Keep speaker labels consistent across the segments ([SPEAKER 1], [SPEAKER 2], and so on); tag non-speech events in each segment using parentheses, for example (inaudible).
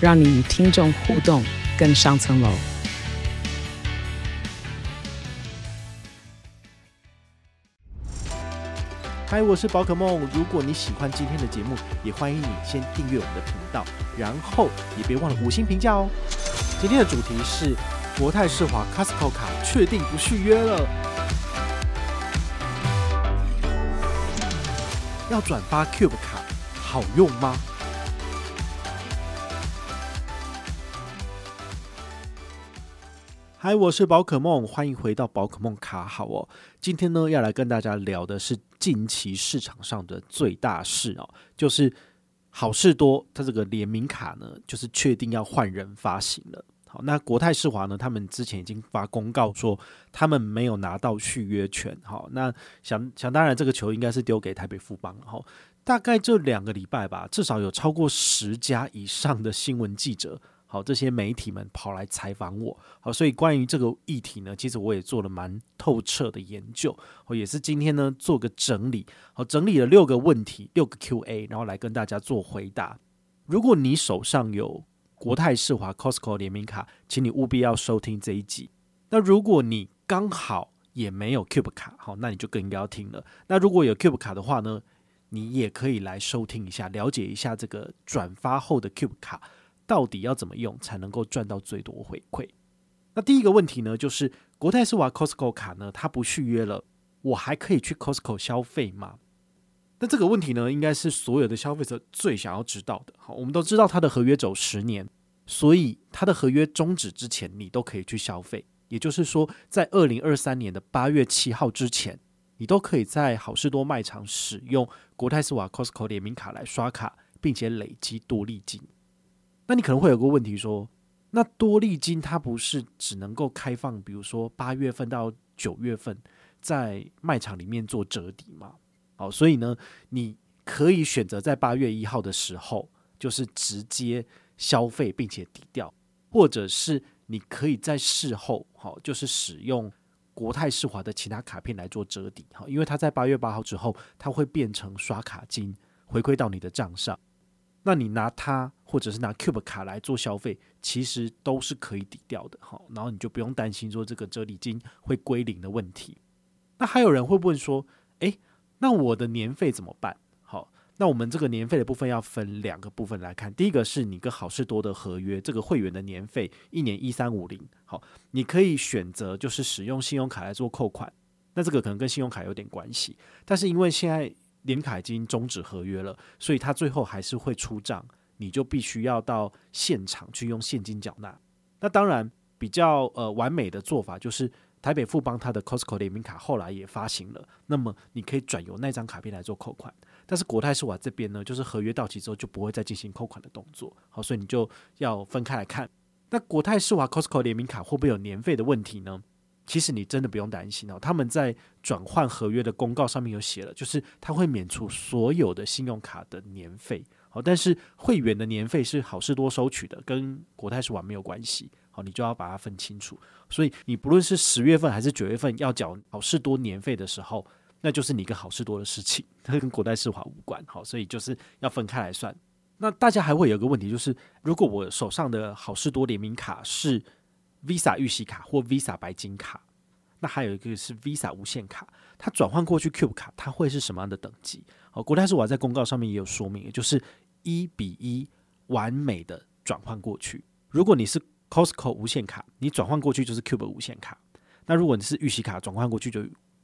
[SPEAKER 1] 讓你與聽眾互動更上層樓。嗨，我是寶可孟。如果你喜歡今天的節目，也歡迎你先訂閱我們的頻道，然後也別忘了五星評價哦。今天的主題是國泰世華 Costco 卡確定不續約了？要轉發 Cube 卡好用嗎？嗨，Hi, 我是寶可孟，歡迎回到寶可孟卡好哦。今天呢，要來跟大家聊的是近期市場上的最大事哦，就是好市多，他這個聯名卡呢，就是確定要換人發行了。好，那國泰世華呢，他們之前已經發公告說他們沒有拿到續約權。哈，那想想當然這個球應該是丟給台北富邦哈，大概這兩個禮拜吧，至少有超過十家以上的新聞記者。好，這些媒體們跑來採訪我。好，所以關於這個議題呢，其實我也做了蠻透徹的研究。我也是今天呢做個整理。好，整理了六個問題，六個 Q&A，然後來跟大家做回答。如果你手上有國泰世華、Costco 聯名卡，請你務必要收聽這一集。那如果你剛好也沒有 Cube 卡，好，那你就更應該要聽了。那如果有 Cube 卡的話呢，你也可以來收聽一下，了解一下這個轉發後的 Cube 卡。到底要怎麼用才能夠賺到最多回饋？那第一個問題呢，就是國泰世華 Costco 卡呢，它不續約了，我還可以去 Costco 消費嗎？那這個問題呢，應該是所有的消費者最想要知道的。好，我們都知道它的合約走十年，所以它的合約終止之前，你都可以去消費。也就是說，在二零二三年的八月七號之前，你都可以在好市多賣場使用國泰世華 Costco 聯名卡來刷卡，並且累積多利金。那你可能會有個問題說，那多利金它不是只能夠開放，比如說八月份到九月份在賣場裡面做折抵嗎？好，所以呢，你可以選擇在八月一號的時候，就是直接消費並且抵掉，或者是你可以在事後，好，就是使用國泰世華的其他卡片來做折抵，好，因為它在八月八號之後，它會變成刷卡金回饋到你的賬上。那你拿它，或者是拿 Cube 卡來做消費，其實都是可以抵掉的，哈。然後你就不用擔心說這個折抵金會歸零的問題。那還有人會問說，哎，那我的年費怎麼辦？好，那我們這個年費的部分要分兩個部分來看。第一個是你跟好市多的合約，這個會員的年費一年一三五零，好，你可以選擇就是使用信用卡來做扣款。那這個可能跟信用卡有點關係，但是因為現在，聯名卡已經終止合約了，所以他最後還是會出賬，你就必須要到現場去用現金繳納。那當然比較呃完美的做法就是台北富邦他的 Costco 聯名卡後來也發行了，那麼你可以轉由那張卡片來做扣款。但是國泰世華這邊呢，就是合約到期之後就不會再進行扣款的動作，好，所以你就要分開來看。那國泰世華 Costco 聯名卡會不會有年費的問題呢？其實你真的不用擔心哦，他們在轉換合約的公告上面有寫了，就是他會免除所有的信用卡的年費。好，但是會員的年費是好市多收取的，跟國泰世華沒有關係。好，你就要把它分清楚。所以你不論是十月份還是九月份要繳好市多年費的時候，那就是你跟好市多的事情，它跟國泰世華無關。好，所以就是要分開來算。那大家還會有個問題，就是如果我手上的好市多聯名卡是 Visa 御璽卡或 Visa 白金卡，那還有一個是 Visa 無限卡，它轉換過去 Cube 卡，它會是什麼樣的等級？哦，國泰世華在公告上面也有說明，也就是一比一完美的轉換過去。如果你是 Costco 無限卡，你轉換過去就是 Cube 無限卡；那如果你是御璽卡，轉換過去就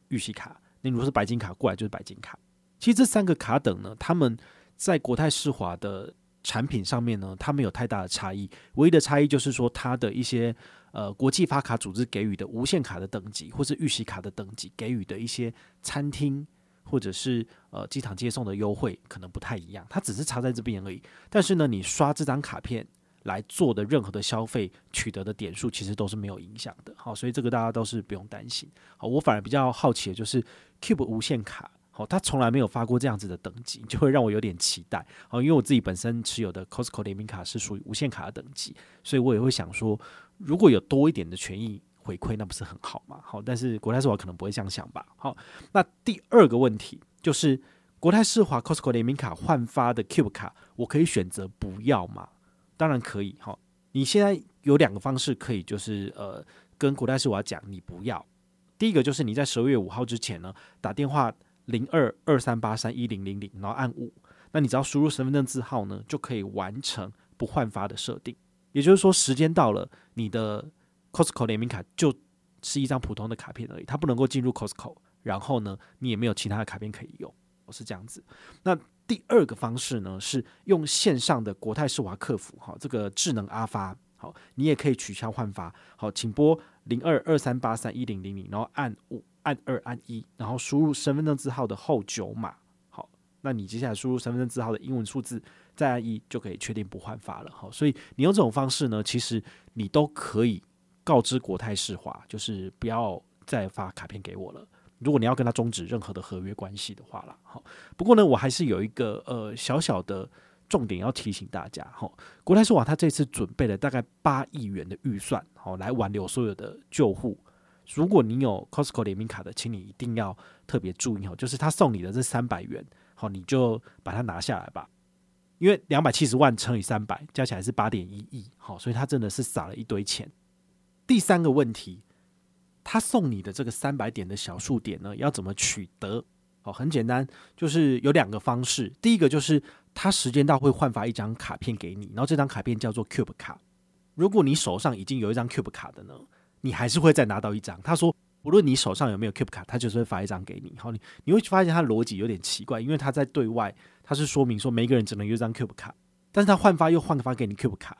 [SPEAKER 1] 御璽卡；你如果是白金卡過來就是白金卡。其實這三個卡等呢，他們在國泰世華的產品上面呢，它沒有太大的差異，唯一的差異就是說它的一些。呃，國際發卡組織給予的無限卡的等級，或是御璽卡的等級給予的一些餐廳或者是呃機場接送的優惠，可能不太一樣。它只是差在這邊而已。但是呢，你刷這張卡片來做的任何的消費，取得的點數其實都是沒有影響的。好，所以這個大家都是不用擔心。好，我反而比較好奇的就是 Cube 無限卡，好，它從來沒有發過這樣子的等級，就會讓我有點期待。好，因為我自己本身持有的 Costco 聯名卡是屬於無限卡的等級，所以我也會想說。如果有多一點的權益回饋，那不是很好嘛？好，但是國泰世華可能不會這樣想吧？好，那第二個問題就是國泰世華 Costco 聯名卡換發的 Cube 卡，我可以選擇不要嗎？當然可以。好，你現在有兩個方式可以，就是呃，跟國泰世華講你不要。第一個就是你在十二月五號之前呢，打電話零二二三八三一零零零，1000, 然後按五，那你只要輸入身份證字號呢，就可以完成不換發的設定。也就是說，時間到了，你的 Costco 聯名卡就是一張普通的卡片而已，它不能夠進入 Costco。然後呢，你也沒有其他的卡片可以用，是這樣子。那第二個方式呢，是用線上的國泰世華客服，哈，這個智能阿發，好，你也可以取消換發，好，請撥零二二三八三一零零零，1000, 然後按五按二按一，然後輸入身份證字號的後九碼，好，那你接下來輸入身份證字號的英文數字。再按一就可以確定不換發了哈，所以你用這種方式呢，其實你都可以告知國泰世華，就是不要再發卡片給我了。如果你要跟他終止任何的合約關係的話了哈。不過呢，我還是有一個呃小小的重點要提醒大家哈。國泰世華他這次準備了大概八億元的預算，好，來挽留所有的舊戶。如果你有 Costco 聯名卡的，請你一定要特別注意哦，就是他送你的這三百元，好，你就把它拿下來吧。因為兩百七十萬乘以三百，加起來是八點一億，好，哦，所以他真的是撒了一堆錢。第三個問題，他送你的這個三百點的小樹點呢，要怎麼取得？好，哦，很簡單，就是有兩個方式。第一個就是他時間到會換發一張卡片給你，然後這張卡片叫做 Cube 卡。如果你手上已經有一張 Cube 卡的呢，你還是會再拿到一張。他說。無論你手上有沒有 Cube 卡，他就是會發一張給你。好，你你會發現他的邏輯有點奇怪，因為他在對外他是說明說每個人只能有一張 Cube 卡，但是他換發又換個發給你 Cube 卡，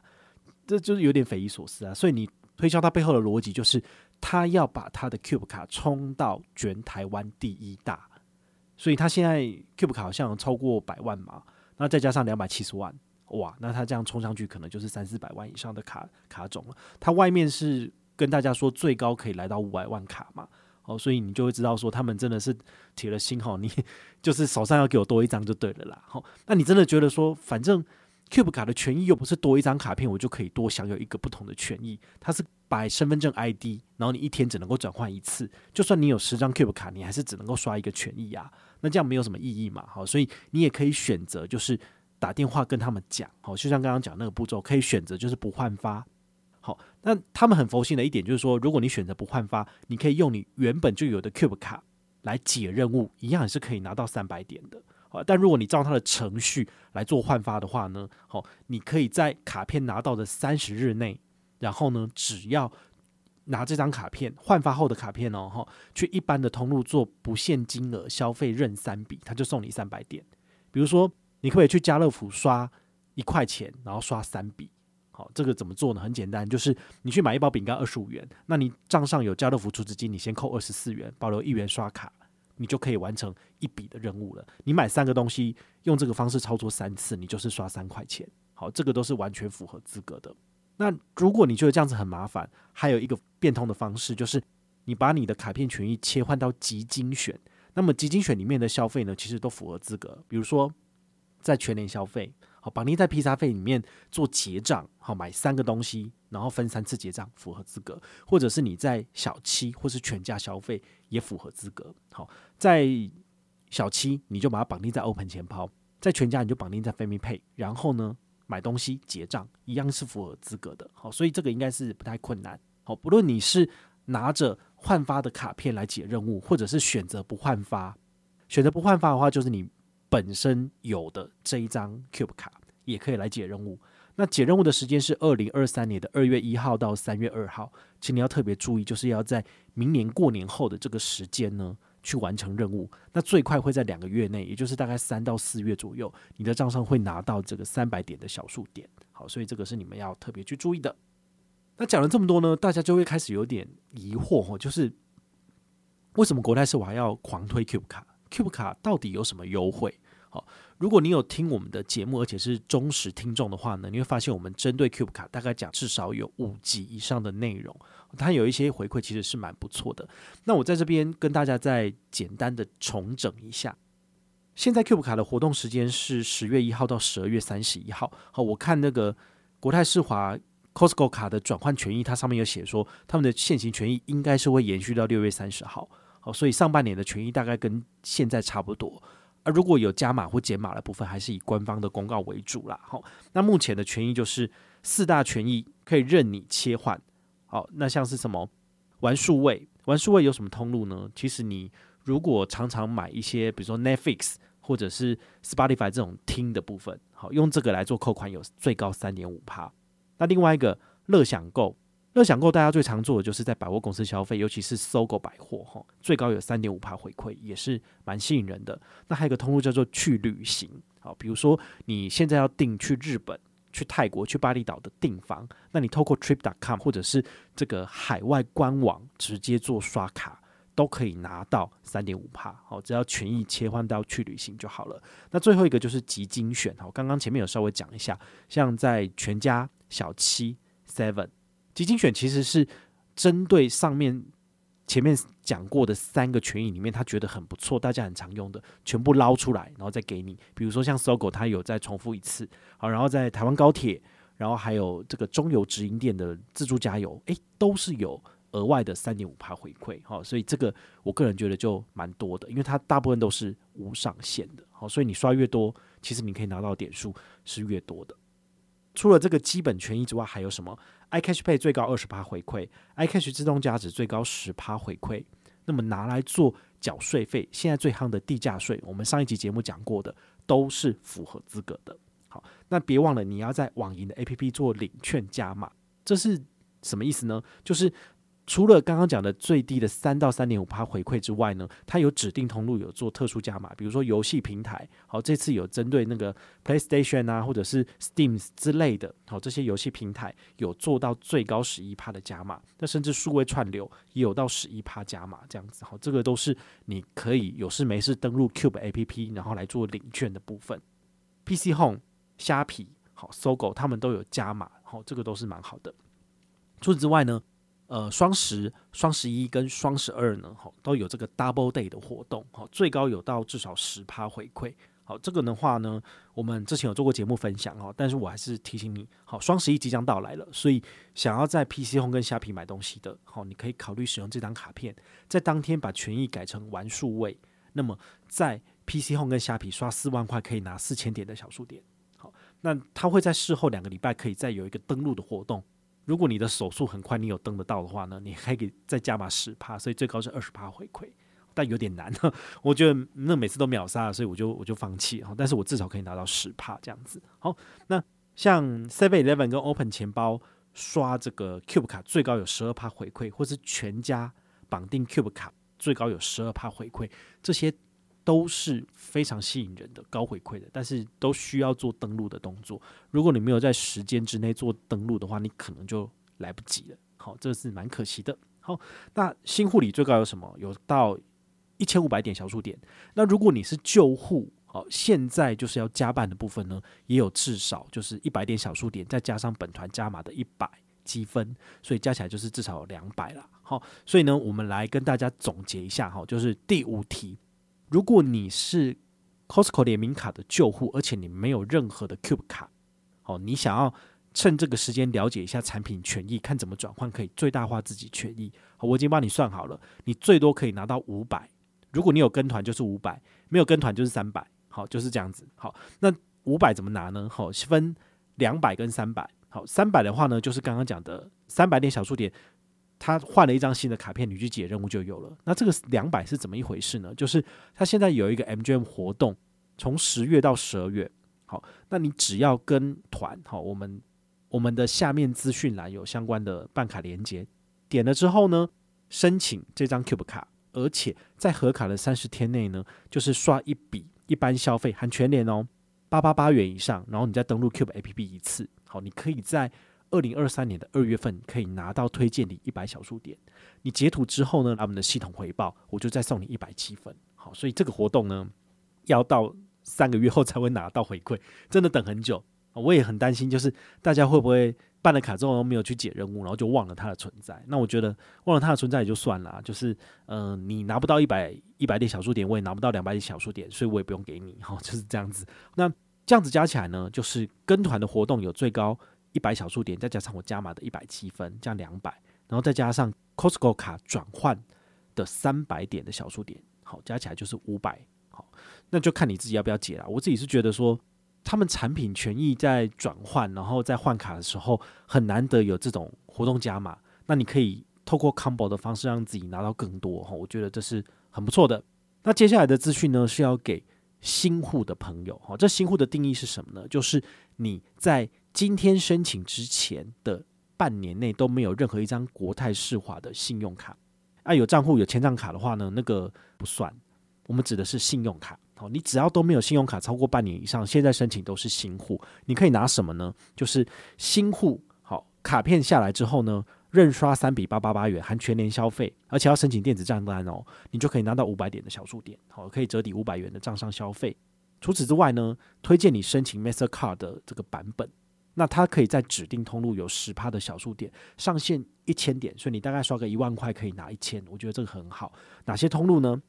[SPEAKER 1] 這就是有點匪夷所思啊。所以你推銷他背後的邏輯就是，他要把他的 Cube 卡衝到全台灣第一大，所以他現在 Cube 卡好像超過百萬嘛，那再加上兩百七十萬，哇，那他這樣衝上去可能就是三四百萬以上的卡卡種了。他外面是跟大家說最高可以來到五百萬卡嘛，哦，所以你就會知道說他們真的是鐵了心哈、喔，你就是手上要給我多一張就對了啦，好，那你真的覺得說反正 Cube 卡的權益又不是多一張卡片我就可以多享有一個不同的權益，它是擺身份證 ID，然後你一天只能夠轉換一次，就算你有十張 Cube 卡，你還是只能夠刷一個權益啊，那這樣沒有什麼意義嘛，好，所以你也可以選擇就是打電話跟他們講，好，就像剛剛講那個步驟，可以選擇就是不換發。好，那他們很佛心的一點就是說，如果你選擇不換發，你可以用你原本就有的 Cube 卡來解任務，一樣也是可以拿到三百點的。但如果你照他的程序來做換發的話呢，好，你可以在卡片拿到的三十日內，然後呢，只要拿這張卡片換發後的卡片哦，哈，去一般的通路做不限金額消費任三筆，他就送你三百點。比如說，你可以去家樂福刷一塊錢，然後刷三筆。好，這個怎麼做呢？很簡單，就是你去買一包餅乾，二十五元。那你賬上有家樂福儲值金，你先扣二十四元，保留一元刷卡，你就可以完成一筆的任務了。你買三個東西，用這個方式操作三次，你就是刷三塊錢。好，這個都是完全符合資格的。那如果你覺得這樣子很麻煩，還有一個變通的方式，就是你把你的卡片權益切換到集精選，那麼集精選裡面的消費呢，其實都符合資格。比如說在全年消費。好，綁定在披薩費裡面做結賬，好，買三個東西，然後分三次結賬，符合資格，或者是你在小七或是全家消費也符合資格。好，在小七你就把它綁定在 Open 錢包，在全家你就綁定在 FamiPay，然後呢買東西結賬一樣是符合資格的。好，所以這個應該是不太困難。好，不論你是拿着換發的卡片來解任務，或者是選擇不換發，選擇不換發的話就是你。本身有的這一張 Cube 卡也可以來解任務。那解任務的時間是二零二三年的二月一號到三月二號，請你要特別注意，就是要在明年過年後的這個時間呢，去完成任務。那最快會在兩個月內，也就是大概三到四月左右，你的賬上會拿到這個三百點的小數點。好，所以這個是你們要特別去注意的。那講了這麼多呢，大家就會開始有點疑惑，就是為什麼國泰世華要狂推 Cube 卡？Cube 卡到底有什麼優惠？好，如果你有聽我們的節目，而且是忠實聽眾的話呢，你會發現我們針對 CUBE 卡大概講至少有五集以上的內容，它有一些回饋其實是蠻不錯的。那我在這邊跟大家再簡單的重整一下，現在 CUBE 卡的活動時間是十月一號到十二月三十一號。好，我看那個國泰世華 Costco 卡的轉換權益，它上面有寫說他們的現行權益應該是會延續到六月三十號。好，所以上半年的權益大概跟現在差不多。而、啊、如果有加碼或減碼的部分，還是以官方的公告為主啦。好、哦，那目前的權益就是四大權益可以任你切換。好、哦，那像是什麼玩數位，玩數位有什麼通路呢？其實你如果常常買一些，比如說 Netflix 或者是 Spotify 這種聽的部分，好、哦，用這個來做扣款有最高三點五趴。那另外一個樂享購。那樂饗購大家最常做的就是在百貨公司消費，尤其是 SOGO 百貨哈，最高有三點五趴回饋，也是蠻吸引人的。那還有一個通路叫做去旅行，好，比如說你現在要訂去日本、去泰國、去巴厘島的訂房，那你透過 trip.com 或者是這個海外官網直接做刷卡，都可以拿到三點五趴。好，只要權益切換到去旅行就好了。那最後一個就是集精選哈，剛剛前面有稍微講一下，像在全家、小七、Seven。基金選其實是針對上面前面講過的三個權益裡面，他覺得很不錯，大家很常用的，全部撈出來，然後再給你。比如說像 SOGO，它有再重複一次，好，然後在台灣高鐵，然後還有這個中油直營店的自助加油，誒、欸，都是有額外的三點五趴回饋，好，所以這個我個人覺得就蠻多的，因為它大部分都是無上限的，好，所以你刷越多，其實你可以拿到點數是越多的。除了這個基本權益之外，還有什麼？iCash pay 最高二十趴回饋，iCash 自動價值最高十趴回饋，那麼拿來做繳稅費，現在最夯的地價稅，我們上一集節目講過的，都是符合資格的。好，那別忘了你要在網銀的 APP 做領券加碼，這是什麼意思呢？就是。除了剛剛講的最低的三到三點五趴回饋之外呢，它有指定通路有做特殊加碼，比如說遊戲平台，好，這次有針對那個 PlayStation 啊或者是 Steam 之類的，好，這些遊戲平台有做到最高十一趴的加碼，那甚至數位串流也有到十一趴加碼這樣子，好，這個都是你可以有事沒事登錄 Cube APP 然後來做領券的部分，PC Home、蝦皮、好，Sogo 他們都有加碼，好，這個都是蠻好的。除此之外呢？呃，雙十、雙十一跟雙十二呢，吼，都有這個 Double Day 的活動，吼，最高有到至少十趴回饋，好，這個的話呢，我們之前有做過節目分享，吼，但是我還是提醒你，好，雙十一即將到來了，所以想要在 PC Home 跟蝦皮買東西的，好，你可以考慮使用這張卡片，在當天把權益改成玩數位，那麼在 PC Home 跟蝦皮刷四萬塊，可以拿四千點的小樹點，好，那他會在事後兩個禮拜可以再有一個登錄的活動。如果你的手速很快，你有登得到的話呢，你還可以再加碼十帕，所以最高是二十帕回饋，但有點難，我覺得那每次都秒殺了，所以我就我就放棄哈。但是我至少可以拿到十帕這樣子。好，那像 Seven Eleven 跟 Open 錢包刷這個 Cube 卡，最高有十二帕回饋，或是全家綁定 Cube 卡，最高有十二帕回饋，這些。都是非常吸引人的、高回饋的，但是都需要做登錄的動作。如果你沒有在時間之內做登錄的話，你可能就來不及了。好，這是蠻可惜的。好，那新戶禮最高有什麼？有到一千五百點小樹點。那如果你是舊戶，好，現在就是要加辦的部分呢，也有至少就是一百點小樹點，再加上本團加碼的一百積分，所以加起來就是至少有兩百了。好，所以呢，我們來跟大家總結一下哈，就是第五題。如果你是 Costco 聯名卡的舊戶，而且你沒有任何的 Cube 卡，好，你想要趁這個時間了解一下產品權益，看怎麼轉換可以最大化自己權益。好，我已經幫你算好了，你最多可以拿到五百。如果你有跟團就是五百，沒有跟團就是三百。好，就是這樣子。好，那五百怎麼拿呢？好，分兩百跟三百。好，三百的話呢，就是剛剛講的三百點小數點。他換了一張新的卡片，你去解任務就有了。那這個兩百是怎麼一回事呢？就是他現在有一個 MGM 活動，從十月到十二月，好，那你只要跟團，好，我們我們的下面資訊欄有相關的辦卡連接，點了之後呢，申請這張 Cube 卡，而且在核卡的三十天內呢，就是刷一筆一般消費，含全聯哦，八八八元以上，然後你再登錄 Cube APP 一次，好，你可以在。二零二三年的二月份可以拿到推薦禮一百小樹點，你截圖之後呢，他們的系統回報我就再送你一百積分。好，所以這個活動呢，要到三個月後才會拿到回饋，真的等很久。我也很擔心，就是大家會不會辦了卡之後都沒有去解任務，然後就忘了它的存在？那我覺得忘了它的存在也就算了，就是嗯、呃，你拿不到一百一百點小樹點，我也拿不到兩百點小樹點，所以我也不用給你。好，就是這樣子。那這樣子加起來呢，就是跟團的活動有最高。一百小樹點，再加上我加碼的一百七分，加兩百，然後再加上 Costco 卡轉換的三百點的小樹點，好，加起來就是五百。好，那就看你自己要不要解了。我自己是覺得說，他們產品權益在轉換，然後在換卡的時候，很難得有這種活動加碼。那你可以透過 Combo 的方式，讓自己拿到更多。哈、哦，我覺得這是很不錯的。那接下來的資訊呢，是要給新戶的朋友。哈、哦，這新戶的定義是什麼呢？就是你在今天申請之前的半年內都沒有任何一張國泰世華的信用卡，啊，有賬戶有簽賬卡的話呢，那個不算。我們指的是信用卡，好，你只要都沒有信用卡超過半年以上，現在申請都是新戶。你可以拿什麼呢？就是新戶，好，卡片下來之後呢，任刷三筆八八八元含全年消費，而且要申請電子賬單哦，你就可以拿到五百點的小樹點，好，可以折抵五百元的賬上消費。除此之外呢，推薦你申請 Mastercard 的這個版本。那它可以在指定通路有十趴的小數點，上限一千點，所以你大概刷個一萬塊，可以拿一千，我覺得這個很好。哪些通路呢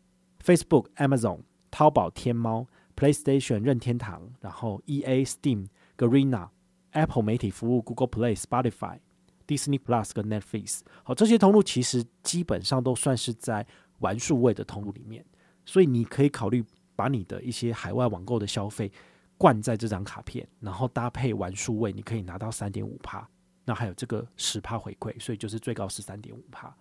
[SPEAKER 1] ？Facebook、Amazon、淘寶、天貓、PlayStation、任天堂，然後 EA、Steam、Garena、Apple 媒體服務、Google Play、Spotify、Disney Plus 跟 Netflix。好，這些通路其實基本上都算是在玩數位的通路裡面，所以你可以考慮把你的一些海外網購的消費，灌在這張卡片，然後搭配完數位，你可以拿到三點五趴，那還有這個十趴回饋，所以就是最高是三點五趴。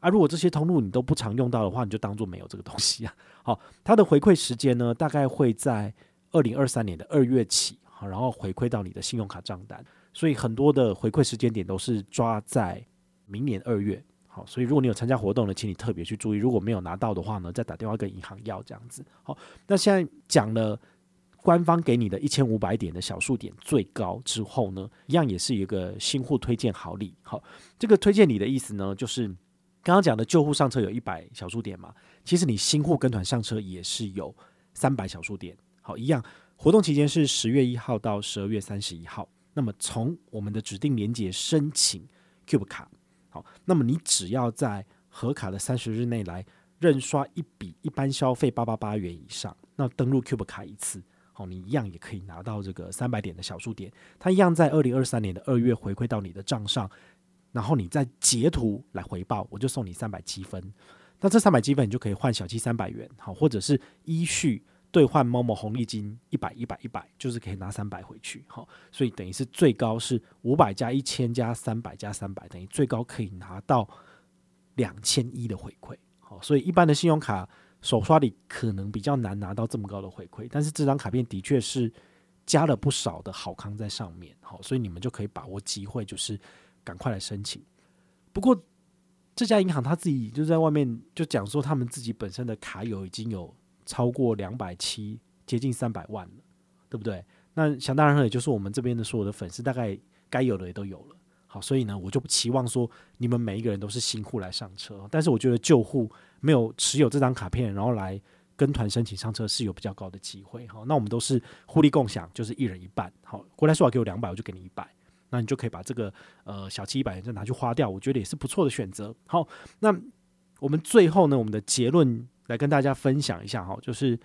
[SPEAKER 1] 啊，如果這些通路你都不常用到的話，你就當做沒有這個東西啊。好，它的回饋時間呢，大概會在二零二三年的二月起，好，然後回饋到你的信用卡賬單。所以很多的回饋時間點都是抓在明年二月。好，所以如果你有參加活動的，請你特別去注意。如果沒有拿到的話呢，再打電話跟銀行要，這樣子。好，那現在講了。官方給你的一千五百點的小數點最高之後呢，一樣也是一個新戶推薦好禮。好，這個推薦你的意思呢，就是剛剛講的舊戶上車有一百小數點嘛，其實你新戶跟團上車也是有三百小數點。好，一樣活動期間是十月一號到十二月三十一號。那麼從我們的指定連結申請 Cube 卡，好，那麼你只要在核卡的三十日內來認刷一筆一般消費八八八元以上，那登錄 Cube 卡一次。好，你一樣也可以拿到這個三百點的小數點，它一樣在二零二三年的二月回饋到你的賬上，然後你再截圖來回報，我就送你三百積分。那這三百積分你就可以換小七三百元，好，或者是依序兌換某某紅利金一百一百一百，就是可以拿三百回去。好，所以等於是最高是五百加一千加三百加三百，300 300等於最高可以拿到兩千一的回饋。好，所以一般的信用卡。手刷裡可能比較難拿到這麼高的回饋，但是這張卡片的確是加了不少的好康在上面，好，所以你們就可以把握機會，就是趕快來申請。不過這家銀行他自己就在外面就講說，他們自己本身的卡友已經有超過兩百七，接近三百萬了，對不對？那想當然，也就是我們這邊的所有的粉絲，大概該有的也都有了。好，所以呢，我就不期望說你們每一個人都是新戶來上車，但是我覺得舊戶。沒有持有這張卡片，然後來跟團申請上車，是有比較高的機會哈。那我們都是互利共享，就是一人一半。好，國泰世華給我兩百，我就給你一百，那你就可以把這個呃小七一百元再拿去花掉，我覺得也是不錯的選擇。好，那我們最後呢，我們的結論來跟大家分享一下哈，就是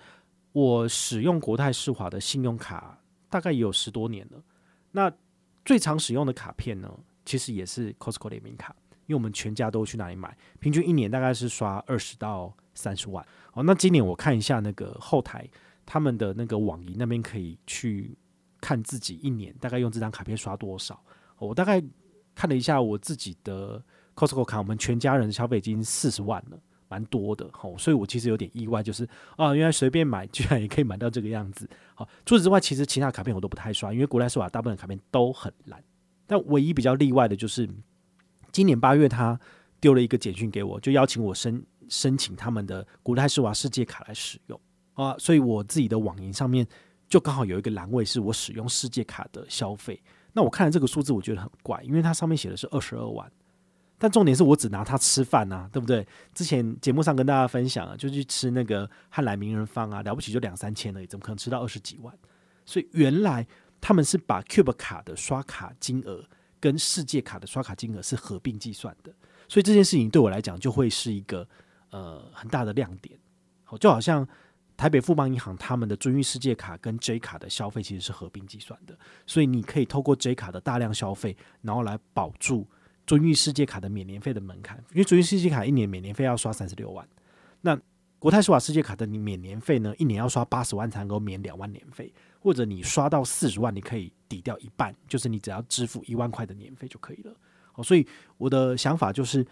[SPEAKER 1] 我使用國泰世華的信用卡大概也有十多年了，那最常使用的卡片呢，其實也是 Costco 聯名卡。因為我們全家都去哪裡買，平均一年大概是刷二十到三十萬。好，那今年我看一下那個後台，他們的那個網銀那邊可以去看自己一年大概用這張卡片刷多少。我大概看了一下我自己的 Costco 卡，我們全家人的消費已經四十萬了，蠻多的好、哦，所以，我其實有點意外，就是啊，原來隨便買居然也可以買到這個樣子。好、哦，除此之外，其實其他卡片我都不太刷，因為國泰世華大部分卡片都很爛。但唯一比較例外的就是。今年八月，他丟了一個簡訊給我，就邀請我申申請他們的國泰世華世界卡來使用啊，所以我自己的網銀上面就剛好有一個欄位是我使用世界卡的消費。那我看了這個數字，我覺得很怪，因為它上面寫的是二十二萬，但重點是我只拿它吃飯啊，對不對？之前節目上跟大家分享啊，就去吃那個漢來名人坊啊，了不起就兩三千而已，怎麼可能吃到二十幾萬？所以原來他們是把 Cube 卡的刷卡金額。跟世界卡的刷卡金額是合併計算的，所以這件事情對我來講就會是一個呃很大的亮點。好，就好像台北富邦銀行他們的尊譽世界卡跟 J 卡的消費其實是合併計算的，所以你可以透過 J 卡的大量消費，然後來保住尊譽世界卡的免年費的門檻，因為尊譽世界卡一年免年費要刷三十六萬，那，國泰世華世界卡的你免年費呢？一年要刷八十萬才能夠免兩萬年費，或者你刷到四十萬，你可以抵掉一半，就是你只要支付一萬塊的年費就可以了。好、哦，所以我的想法就是，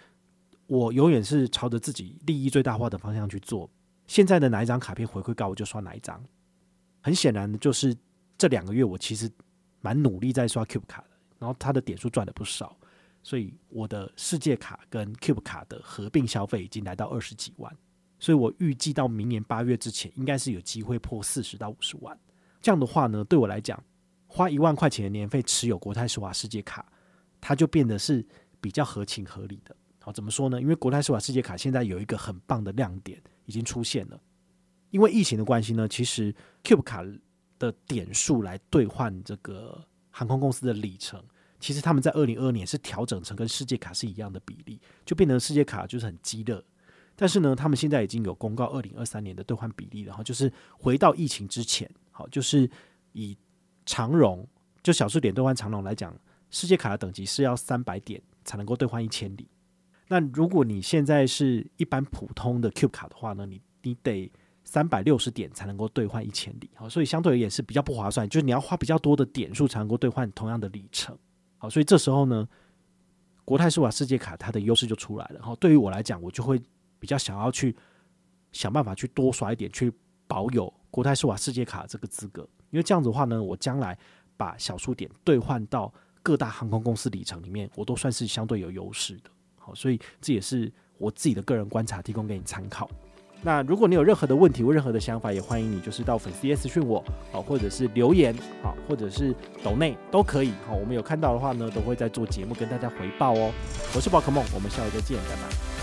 [SPEAKER 1] 我永遠是朝着自己利益最大化的方向去做。現在的哪一張卡片回饋高，我就刷哪一張。很顯然的就是這兩個月我其實蠻努力在刷 Cube 卡的，然後它的點數賺得不少，所以我的世界卡跟 Cube 卡的合併消費已經來到二十幾萬。所以我預計到明年八月之前，應該是有機會破四十到五十萬。這樣的話呢，對我來講，花一萬塊錢的年費持有國泰世華世界卡，它就變得是比較合情合理的。好，怎麼說呢？因為國泰世華世界卡現在有一個很棒的亮點已經出現了。因為疫情的關係呢，其實 Cube 卡的點數來兌換這個航空公司的里程，其實他們在二零二二年是調整成跟世界卡是一樣的比例，就變成世界卡就是很雞肋。但是呢，他們現在已經有公告二零二三年的兌換比例了，然後就是回到疫情之前。好，就是以長榮就小數點兌換長榮來講，世界卡的等級是要三百點才能夠兌換一千里。那如果你現在是一般普通的 CUBE 卡的話呢，你你得三百六十點才能夠兌換一千里，好，所以相對而言是比較不划算，就是你要花比較多的點數才能夠兌換同樣的里程。好，所以這時候呢，國泰世華世界卡它的優勢就出來了哈。對於我來講，我就會。比較想要去想辦法去多刷一點，去保有國泰世華世界卡這個資格，因為這樣子的話呢，我將來把小數點兌換到各大航空公司里程裡面，我都算是相對有優勢的。好，所以這也是我自己的個人觀察，提供給你參考。 (music) 那如果你有任何的問題或任何的想法，也歡迎你就是到粉絲頁私訊我，啊，或者是留言，啊，或者是抖內都可以。好，我們有看到的話呢，都會在做節目跟大家回報哦。我是寶可孟，我們下回再見，拜拜。